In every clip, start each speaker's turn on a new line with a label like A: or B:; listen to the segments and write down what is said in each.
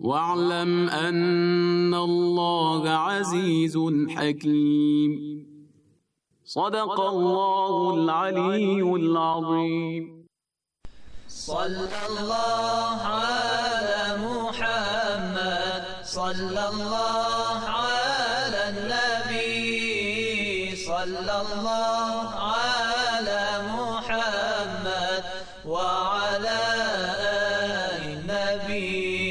A: واعلم ان الله عزيز حكيم صدق الله العلي العظيم صلى الله على محمد صلى الله على النبي صلى الله على محمد وعلى ال
B: النبي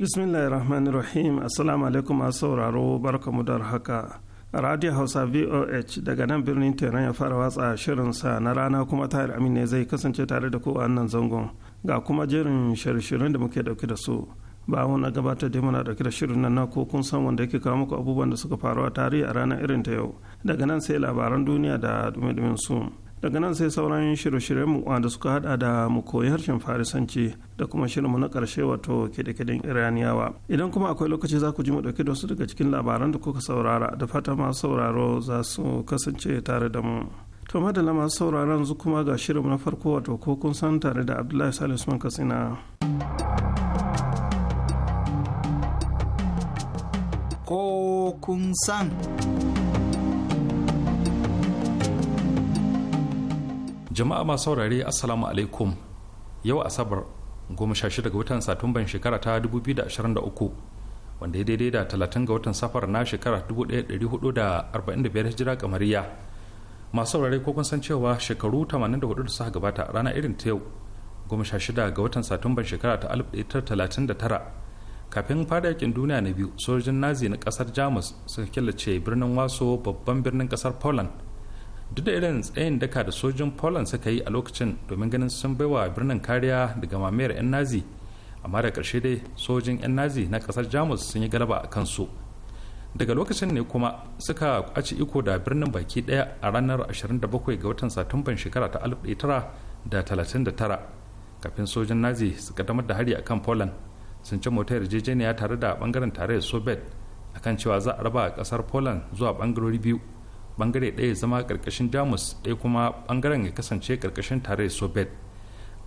B: Bismillahi rahim assalamu alaikum masu sauraro barkamu da haka radio hausa voh daga nan birnin teran ya fara watsa shirinsa na rana kuma tahir amin ne zai kasance tare da kowa nan zangon ga kuma jerin shirin da muke dauke da su ba na gabatar da muna dauke da shirin nan na ko kun san wanda yake kawo muku abubuwan da suka faru a tarihi a ranar irin ta yau daga nan sai labaran duniya da dume-dumen su daga nan sai sauran shirye-shiryen mu da suka hada da mu koyi harshen farisanci da kuma shirinmu na karshe wato kide-kiden iraniyawa idan kuma akwai lokaci za ku ji mu dauke da wasu daga cikin labaran da kuka saurara da fata masu sauraro za su kasance tare da mu to madalla masu sauraron zu kuma ga shirinmu na farko wato ko kun san tare da abdullahi salisu usman katsina
C: ko kun san
D: jama'a masu saurare assalamu alaikum yau asabar 16 ga watan satumban shekara ta 2023 wanda ya daidai da 30 ga watan safar na shekara 1445 hijira kamariya masu saurare ko kun san cewa shekaru 84 da suka gabata rana irin ta yau 16 ga watan satumban shekara ta 1939 kafin fada yakin duniya na biyu sojojin nazi na kasar jamus suka killace birnin waso babban birnin kasar poland duk da irin tsayin daka da sojin poland suka yi a lokacin domin ganin sun bai wa birnin kariya daga mamayar 'yan nazi amma da ƙarshe dai sojin 'yan nazi na ƙasar jamus sun yi galaba a kansu daga lokacin ne kuma suka kwaci iko da birnin baki ɗaya a ranar 27 ga watan satumban shekara ta 1939 kafin sojin nazi su kaddamar da hari akan poland sun ci mota yarjejeniya tare da bangaren tarayyar soviet akan cewa za a raba ƙasar poland zuwa bangarori biyu bangare ɗaya zama ƙarƙashin jamus ɗaya kuma bangaren ya kasance ƙarƙashin tare soviet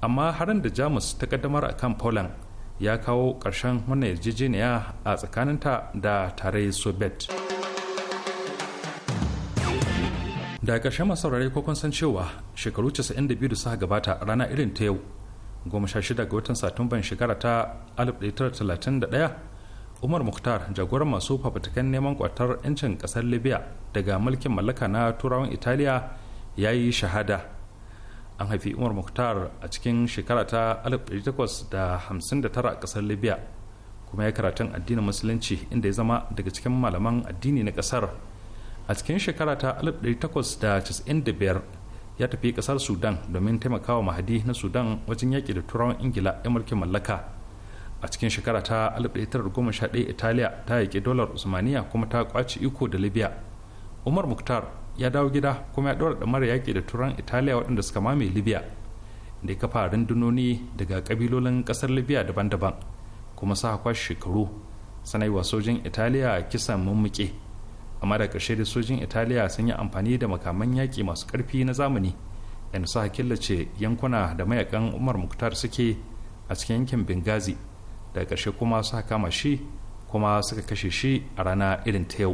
D: amma harin da jamus ta kaddamar a kan poland ya kawo ƙarshen wannan yarjejeniya a tsakaninta da tare soviet da ƙarshen masaurare ko san cewa shekaru 92 da suka gabata rana irin ta yau 16 ga watan satumban shekara ta 1931 umar mukhtar jagoran masu fafutukan neman kwatar 'yancin kasar libya daga mulkin mallaka na turawan italiya ya yi shahada an haifi umar mukhtar a cikin shekara ta 1859 a kasar libya kuma ya karatun addinin musulunci inda ya zama daga cikin malaman addini na kasar a cikin shekara ta 1895 ya tafi kasar sudan domin taimakawa mahadi na sudan wajen yaƙi da turawan ingila ya mulkin mallaka a cikin shekara ta 1911 italiya ta yaƙi dolar usmaniya kuma ta kwaci iko da libya umar muktar ya dawo gida kuma ya ɗora mara yaƙi da turan italiya waɗanda suka mame libya da ya kafa rundunoni daga ƙabilolin ƙasar libya daban-daban kuma sa kwashe shekaru sanaiwa sojin italiya kisan mummuke amma da ƙarshe da sojin italiya sun yi amfani da makaman yaƙi masu ƙarfi na zamani yanzu sa killace yankuna da mayakan umar muktar suke a cikin yankin bengazi da ƙarshe kuma suka kama shi kuma suka kashe shi a rana irin ta yau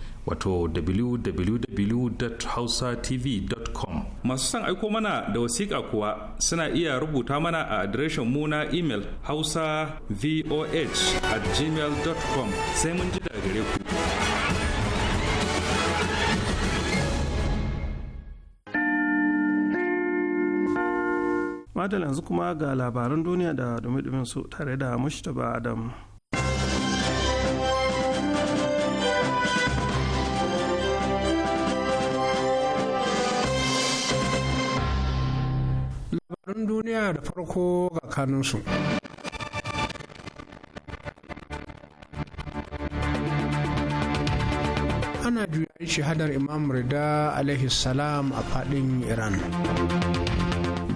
D: wato www.hausatv.com masu son aiko mana da wasiƙa kuwa suna iya rubuta mana a adireshin mu na imel hausa voh at gmail.com sai mun ji da gare ku
B: madal yanzu kuma ga labaran duniya da dumi su tare da mushtaba adam
E: labarun duniya da farko ga kanunsu. Ana juya juyayi shahadar Imam Rida alaihi salam a fadin Iran.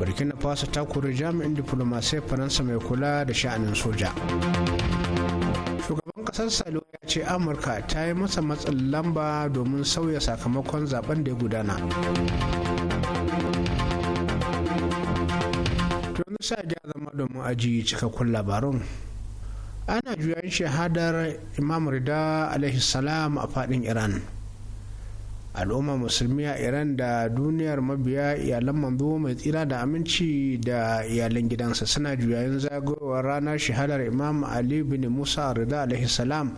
E: Burkina Faso ta kori jami'in diplomasai Faransa mai kula da sha'anin soja. Shugaban ƙasar Salo ya ce Amurka ta yi masa matsin lamba domin sauya sakamakon zaben da ya gudana. sa ja zama domin aji cikakkun labarun ana juyan shahadar imam rida alaihi salam a fadin iran al'umma musulmi a iran da duniyar mabiya iyalan manzo mai tsira da aminci da iyalan gidansa suna juyayin zagayowar ranar shahadar imam ali bin musa rida alaihi salam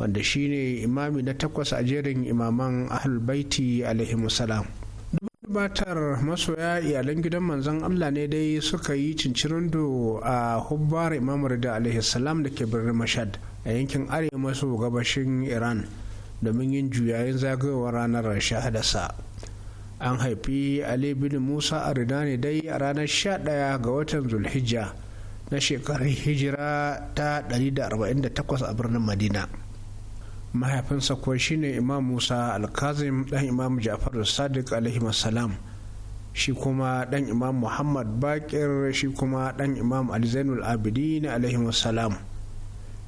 E: wanda shine imami na takwas a jerin imaman ahlul baiti batar masoya iyalan gidan manzon Allah ne dai suka yi cincirindo a hubbar imam da alaihi salam da ke birnin mashad a yankin arewa maso gabashin iran domin yin juyayen zagayowar ranar shahadarsa an haifi ali bin musa a ne dai a ranar 11 ga watan zulhijja na shekarar hijira ta 148 a birnin madina mahaifinsa kuwa shine imam musa alkazim dan imam jafar sadiq alaihi salam shi kuma dan imam muhammad bakir shi kuma dan imam alzainul abidin alaihi salam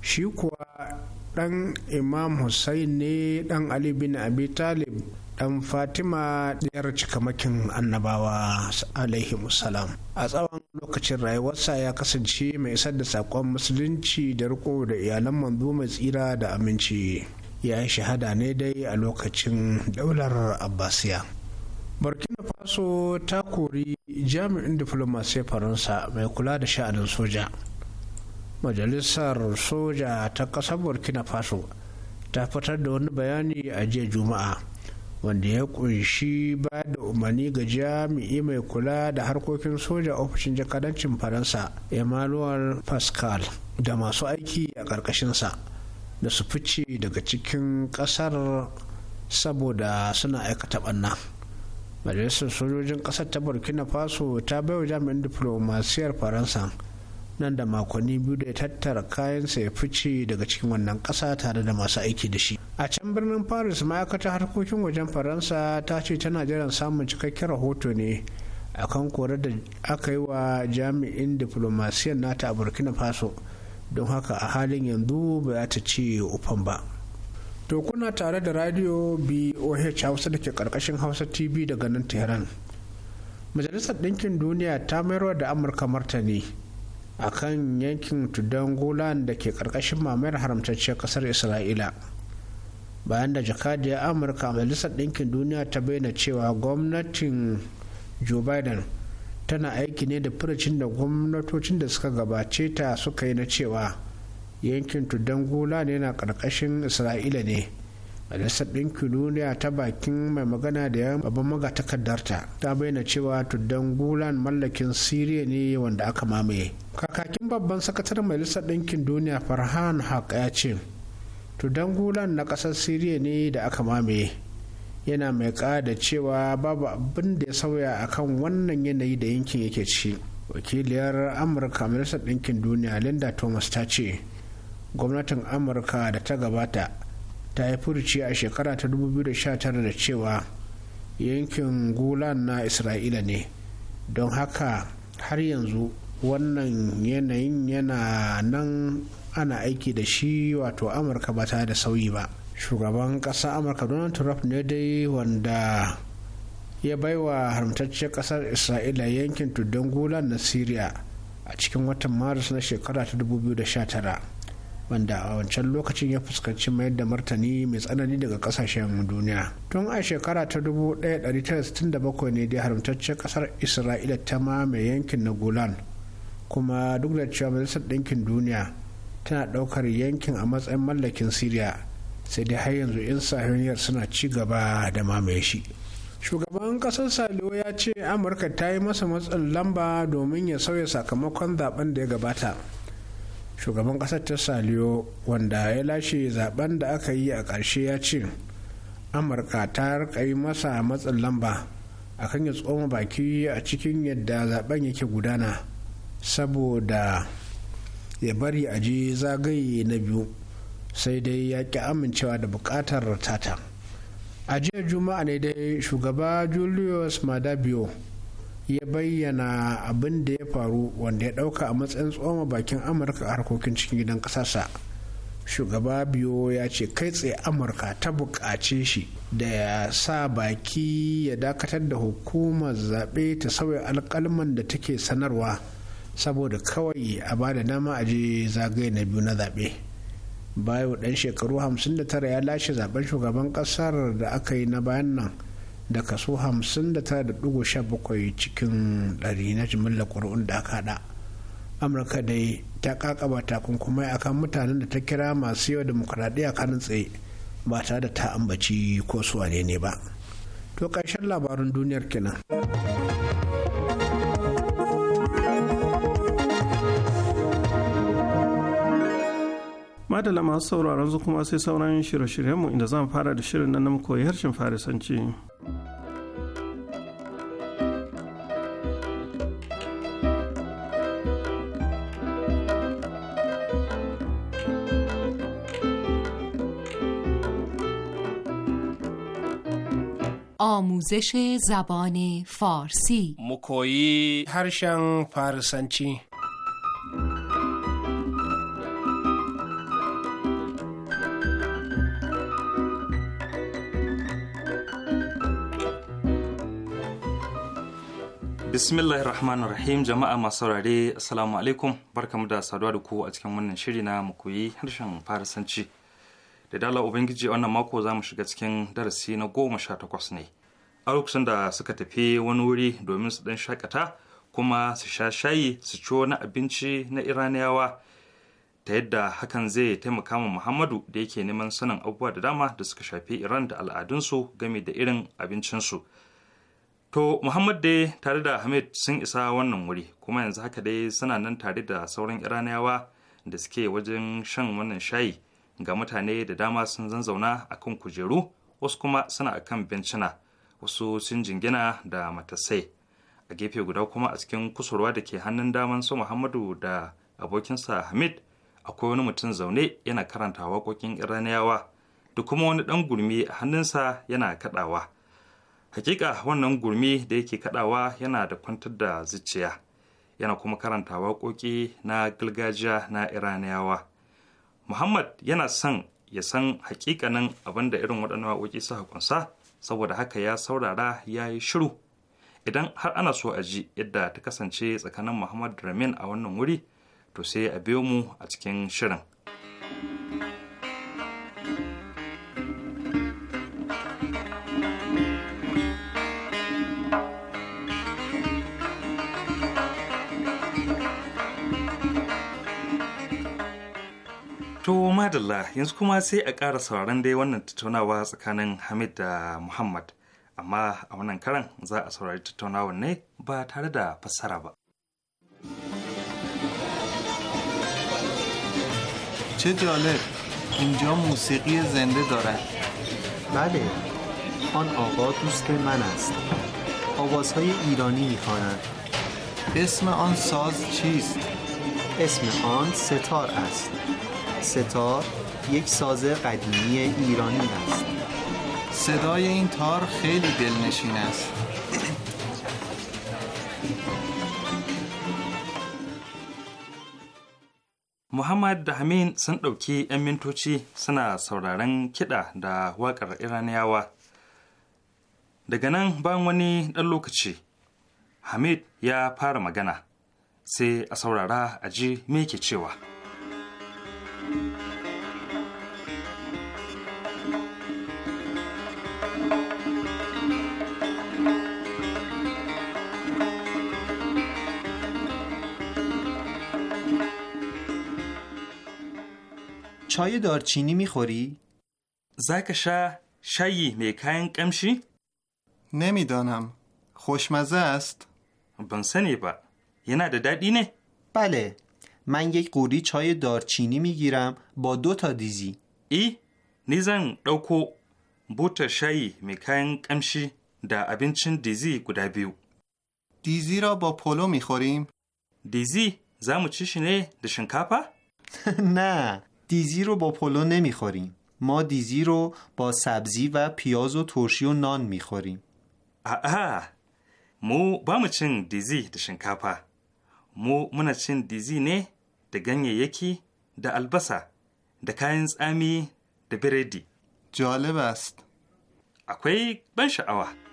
E: shi kuwa dan imam hussain ne dan ali bin abi talib dan fatima ɗiyar cikamakin annabawa alaihi musalam a tsawon lokacin rayuwarsa ya kasance mai isar da saƙon musulunci da riko da iyalan manzo mai tsira da aminci ya yi shahada ne dai a lokacin daular abbasiya burkina faso ta kori jami'in diplomasi faransa mai kula da sha'anin soja majalisar soja ta ƙasar burkina faso ta fitar da wani bayani a jiya juma'a wanda ya kunshi ba da umarni ga jami'i mai kula da harkokin soja ofishin jakadancin faransa emmanuel pascal da masu aiki a ƙarƙashinsa da su fice daga cikin ƙasar saboda suna aikata ɓanna majalisar sojojin ƙasar ta burkina faso ta baiwa jami'in diflomasiyar faransa nan da makonni biyu da ya tattara kayansa ya fice daga cikin wannan ƙasa tare da masu aiki da shi a can birnin paris ma'aikatar harkokin wajen faransa ta ce tana jiran samun cikakken rahoto ne akan kore da aka yi wa jami'in diplomasiyan nata a burkina faso don haka a halin yanzu ba za ta ce ufan ba to kuna tare da radio boh hausa da ke karkashin hausa tv daga nan tehran majalisar ɗinkin duniya ta mayarwa da amurka martani a kan yankin tudan golan da ke karkashin mamayar haramtacciyar kasar isra'ila bayan da jakadiyar amurka a majalisar ɗinkin duniya ta bayyana cewa gwamnatin joe biden tana aiki ne da furucin da gwamnatocin da suka gabace ta suka yi na cewa yankin tudan golan yana karkashin isra'ila ne majalisar ɗinkin duniya ta bakin mai magana da yawan babban magatakardarta ta bayyana cewa tuddan gulan mallakin siriya ne wanda aka mamaye kakakin babban sakataren majalisar ɗinkin duniya farhan haq ya ce tuddan gulan na ƙasar siriya ne da aka mamaye yana mai ƙada cewa babu abin da ya sauya akan wannan yanayi da yankin yake ci wakiliyar amurka majalisar ɗinkin duniya linda thomas ta ce gwamnatin amurka da ta gabata ta yi furuci a shekara ta 2019 da cewa yankin gulan na isra'ila ne don haka har yanzu wannan yanayin yana nan ana aiki da shi wato amurka ba ta da sauyi ba shugaban ƙasa amurka donald trump ne dai wanda ya baiwa haramtacciyar ƙasar isra'ila yankin tuddan gulan na syria a cikin watan maris na shekara ta 2019 wanda a wancan lokacin ya fuskanci mayar da martani mai tsanani daga kasashen duniya tun a shekara ta 1967 ne dai haramtaccen kasar isra'ila ta mamaye yankin na golan kuma duk da cewa majalisar ɗinkin duniya tana ɗaukar yankin a matsayin mallakin siriya sai dai har yanzu in sahiyar suna ci gaba da mamaye shi shugaban kasar salo ya ce amurka ta yi masa matsin lamba domin ya sauya sakamakon zaben da ya gabata shugaban kasar ta saliyo wanda ya lashe zaben da aka yi a ƙarshe ya ce amurka ta rika yi masa matsin lamba akan ya tsoma baki a cikin yadda zaben yake gudana saboda ya bari a je zagaye na biyu sai dai ya ƙi amincewa da buƙatar tata a jiya juma'a ne dai shugaba julius madabio ya bayyana abin da ya faru wanda ya dauka a matsayin tsoma bakin amurka a harkokin cikin gidan kasarsa shugaba biyo ya ce kai tsaye amurka ta buƙace shi da ya sa baki ya dakatar da hukumar zaɓe ta sauya alƙalman da take sanarwa saboda kawai a ba da dama a je zagaye na biyu na zaɓe bayo ɗan shekaru 59 ya lashe zaben shugaban ƙasar da aka yi na bayan nan da kaso 59.17 cikin ɗari na jimillar ƙuri'un da aka haɗa amurka dai ta kakaba takunkumai akan mutanen da ta kira masu yau demokuraɗiyya kanin tsaye ba tare da ta ambaci ko su ne ba to ƙarshen labarin duniyar kenan.
B: madala masu sauraron zuku kuma sai sauran shirye-shiryenmu inda zan fara da shirin nan na koyi harshen farisanci.
C: آموزش زبان فارسی
D: مکویی
E: هرشن فارسنچی
D: rahim jama'a masu saurare assalamu alaikum barkamu da saduwa da ku a cikin wannan shiri na mu koyi harshen farisanci da dala ubangiji wannan mako za mu shiga cikin darasi na goma sha takwas ne a lokacin da suka tafi wani wuri domin su dan shakata kuma su sha shayi su ciwo na abinci na iraniyawa ta yadda hakan zai taimaka ma muhammadu da yake neman sanin abubuwa da dama da suka shafi iran da al'adunsu game da irin abincinsu. To Muhammad dai tare da Hamid sun isa wannan wuri kuma yanzu haka dai suna nan tare da sauran Iraniyawa da suke wajen shan wannan shayi ga mutane da dama sun zanzauna a kan kujeru wasu kuma suna a kan bencina wasu sun jingina da matasai a gefe guda kuma a cikin kusurwa da ke hannun daman su Muhammadu da abokinsa Hamid akwai wani mutum zaune yana karanta waƙoƙin Iraniyawa da kuma wani ɗan gurmi a hannunsa yana kaɗawa. hakika wannan gurmi da yake kadawa yana da kwantar da zuciya yana kuma karanta waƙoƙi na gargajiya na iraniyawa muhammad yana son ya san hakikanin abin da irin waɗannan waƙoƙi su kunsa saboda haka ya saurara ya yi shiru idan har ana so a ji yadda ta kasance tsakanin muhammad ramin a wannan wuri to sai a biyo mu a cikin shirin madalla yanzu kuma sai a ƙara sauraron dai wannan tattaunawa tsakanin Hamid da Muhammad. Amma a wannan karan za a saurari tattaunawar ne ba tare da fassara ba.
C: چه جالب اینجا موسیقی زنده دارد بله آن آقا دوست من است آوازهای ایرانی میخواند اسم آن ساز چیست اسم آن ستار است ستار یک ساز قدیمی ایرانی است صدای این تار خیلی دلنشین است
D: Muhammad da Hamin sun ɗauki 'yan mintoci suna sauraron kiɗa da waƙar Iraniyawa. Daga nan bayan wani ɗan lokaci, Hamid ya fara magana, sai a saurara a ji me ke cewa.
C: چای دارچینی میخوری؟ زک شه شایی میکنگ کمشی؟ نمیدانم خوشمزه است؟ بنسنی با یه نده دادی نه؟ بله من یک قوری چای دارچینی میگیرم با دو تا دیزی ای نیزن دوکو
D: بوت شایی میکن کمشی دا ابینچن دیزی گودا بیو
C: دیزی را با پلو میخوریم
D: دیزی زمو چیشی نه کپا؟ کپا؟
C: نه دیزی رو با پلو نمیخوریم ما دیزی رو با سبزی و پیاز و ترشی و نان میخوریم آه مو با
D: دیزی دشن کپا. مو منچن دیزی نه da ganyayyaki da albasa da kayan tsami da biredi. جالب akwai ban sha'awa.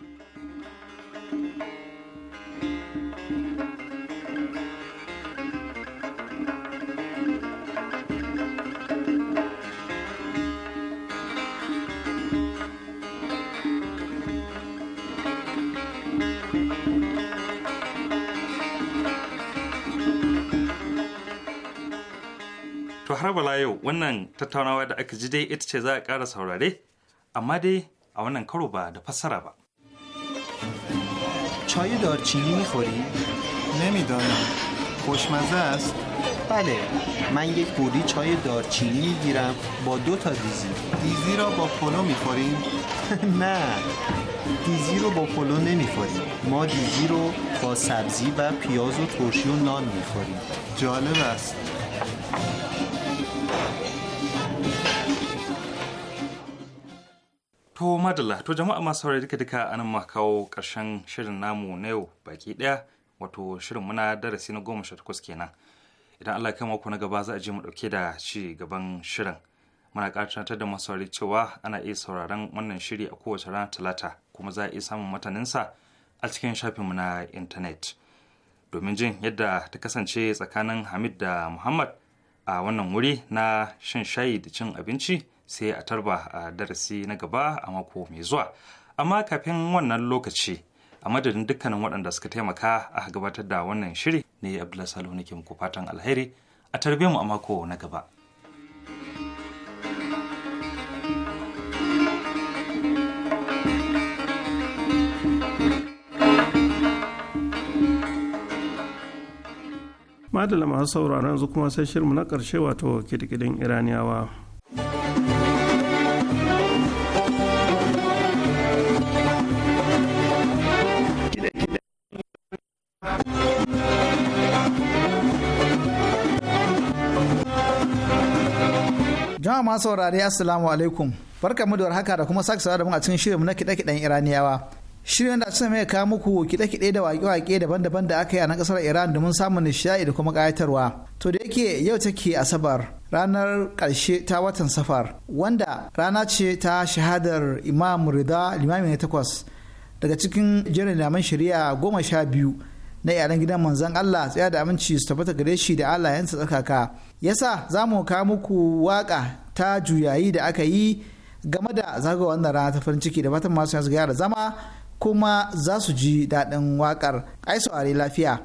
D: har bala yau wannan tattaunawa da aka ji dai ita ce za a ƙara saurare amma dai a wannan karo ba da fassara ba.
C: چای دارچینی میخوری؟ نمیدانم خوشمزه است؟ بله من یک بوری چای دارچینی میگیرم با دو تا دیزی دیزی را با پلو میخوریم؟ نه دیزی رو با پلو نمیخوریم ما دیزی رو با سبزی و پیاز و ترشی و نان میخوریم جالب است
D: To madalla, to jama'a masu saurari duka duka anan ma kawo ƙarshen shirin namu na yau baki ɗaya wato shirin muna darasi na goma sha takwas kenan. Idan Allah kai mako na gaba za a je mu ɗauke da ci gaban shirin. Muna ƙarfatar da masu saurari cewa ana iya sauraron wannan shiri a kowace rana talata kuma za a iya samun mataninsa a cikin shafin mu na intanet. Domin jin yadda ta kasance tsakanin Hamid da Muhammad a wannan wuri na shan shayi da cin abinci sai a tarba a darasi na gaba a mako mai zuwa amma kafin wannan lokaci a madadin dukkanin waɗanda suka taimaka a gabatar da wannan shiri ne abdullahi salihu nake muku fatan alheri a tarbe mu a mako na gaba.
B: madala masu sauraron yanzu kuma sai shirmu na ƙarshe wato kidikidin iraniyawa
F: ma saurari assalamu alaikum barka mu da warhaka da kuma sake da mu a cikin shirin na kiɗe-kiɗen iraniyawa shirin da suna mai kawo muku kiɗe-kiɗe da waƙe-waƙe daban-daban da aka yi a nan ƙasar iran domin samun nishaɗi da kuma kayatarwa. to da yake yau take asabar ranar karshe ta watan safar wanda rana ce ta shahadar imam rida limami na takwas daga cikin jerin naman shari'a goma sha biyu na iyalan gidan manzon Allah tsaya da aminci su tabbata gare shi da Allah yansa tsakaka yasa za mu kawo muku waka ta juyayi da aka yi game da zagawa wannan rana ta farin ciki da fatan masu yanzu gyara zama kuma za su ji daɗin waƙar ai saurari lafiya.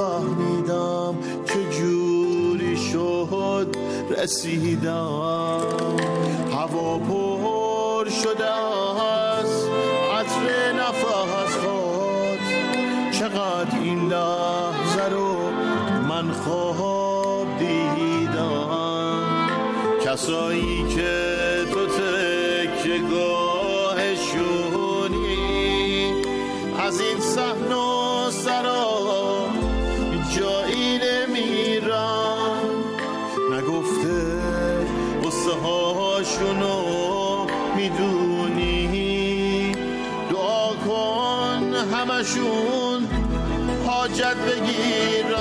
A: فهمیدم چه جوری شد رسیدم هوا پر شده است عطر نفس خود چقدر این لحظه رو من خواب دیدم کسایی که تو گفت ازشون حاجت بگیرن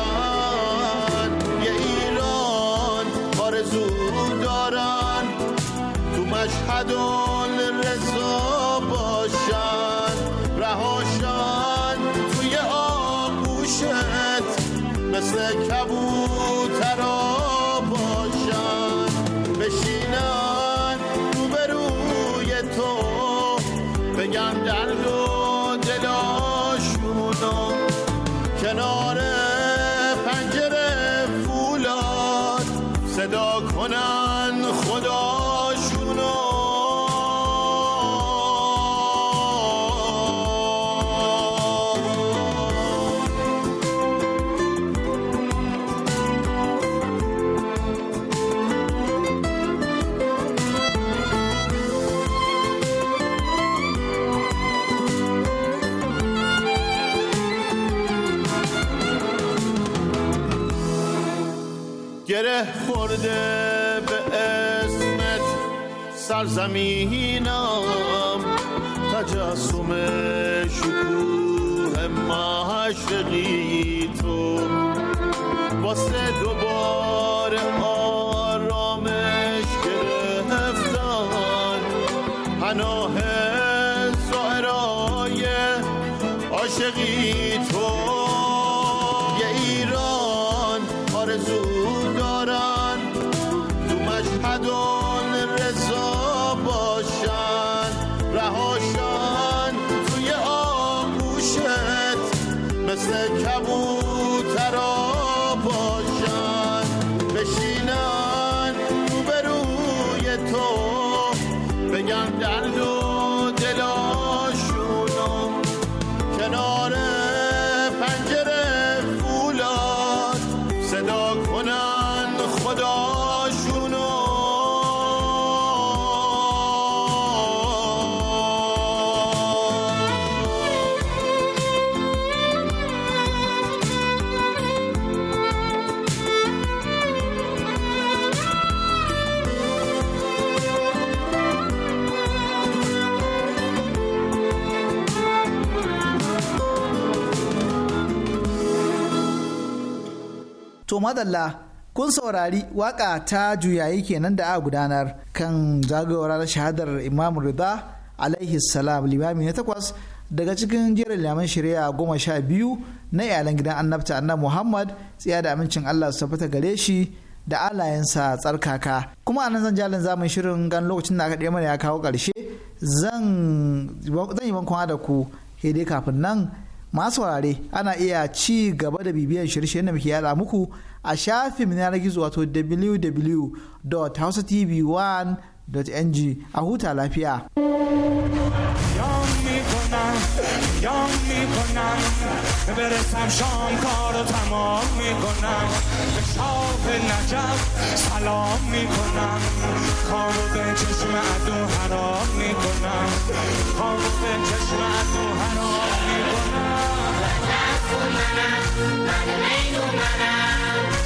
A: یه ایران آرزو دارن تو مشهد و رضا باشن رهاشن توی مثل باشن بشینن روبروی تو بگم در دو کنار پنجره فولاد صدا کنم سرزمینم تجسم شکوه معشقی تو واسه دوباره آرامش گرفتن پناه زهرای عاشقی
F: madalla kun saurari waka ta juyayi kenan da a gudanar kan zagayowar shahadar imam rida alaihi salam limami na takwas daga cikin jerin liman shari'a goma sha biyu na iyalan gidan annabta annab muhammad tsaya da amincin allah su fita gare shi da alayensa tsarkaka kuma anan zan jalin zamun shirin gan lokacin da aka ɗaya mana ya kawo ƙarshe zan yi bankwana da ku hede kafin nan masu warare ana iya ci gaba da bibiyar shirye-shiryen da muke yada muku a shafin na gizo wato www.hausatv1.ng a huta lafiya.
G: یام میکنم برسم شام کارو تمام میکنم به شاف نجف سلام میکنم کارو به چشم عدو حرام میکنم کارو به چشم عدو حرام میکنم من منم من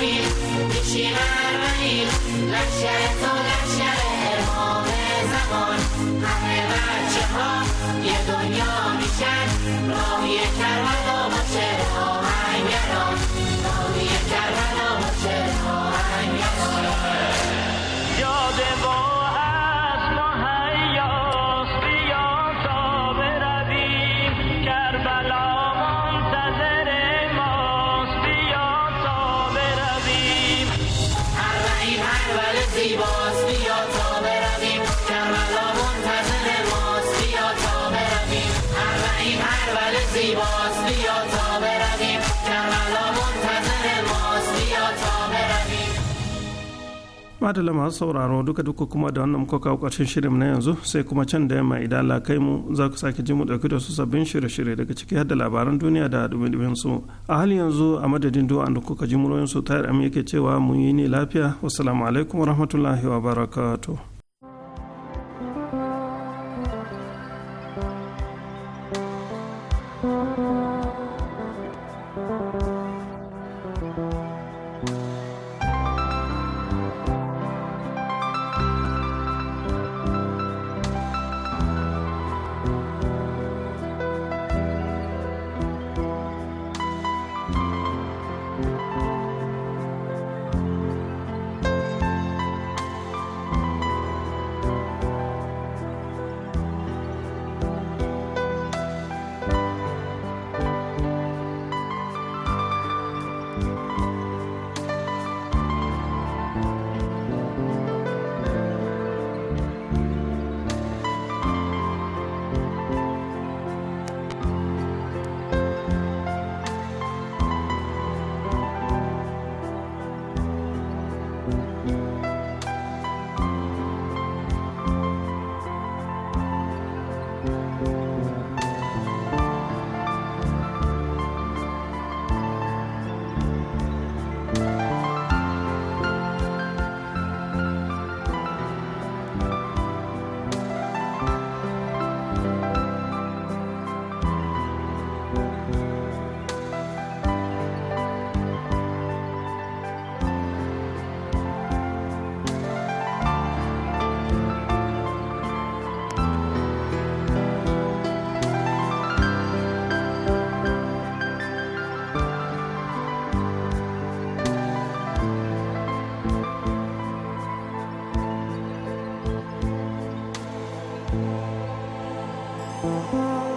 G: زمین لشکر لشکر همه یه دنیا میشن راهی
B: madalla masu sauraro duka duka kuma da wannan muka kawo ƙarshen shirin na yanzu sai kuma can da yamma idan la kai mu za ku sake ji mu ɗauki da su sabbin shirye-shirye daga ciki har da labaran duniya da dumi su a hali yanzu a madadin du'a da kuka ji muryoyin su tayar amma yake cewa mun yi ni lafiya wassalamu alaikum wa wabarakatuh
G: Thank you.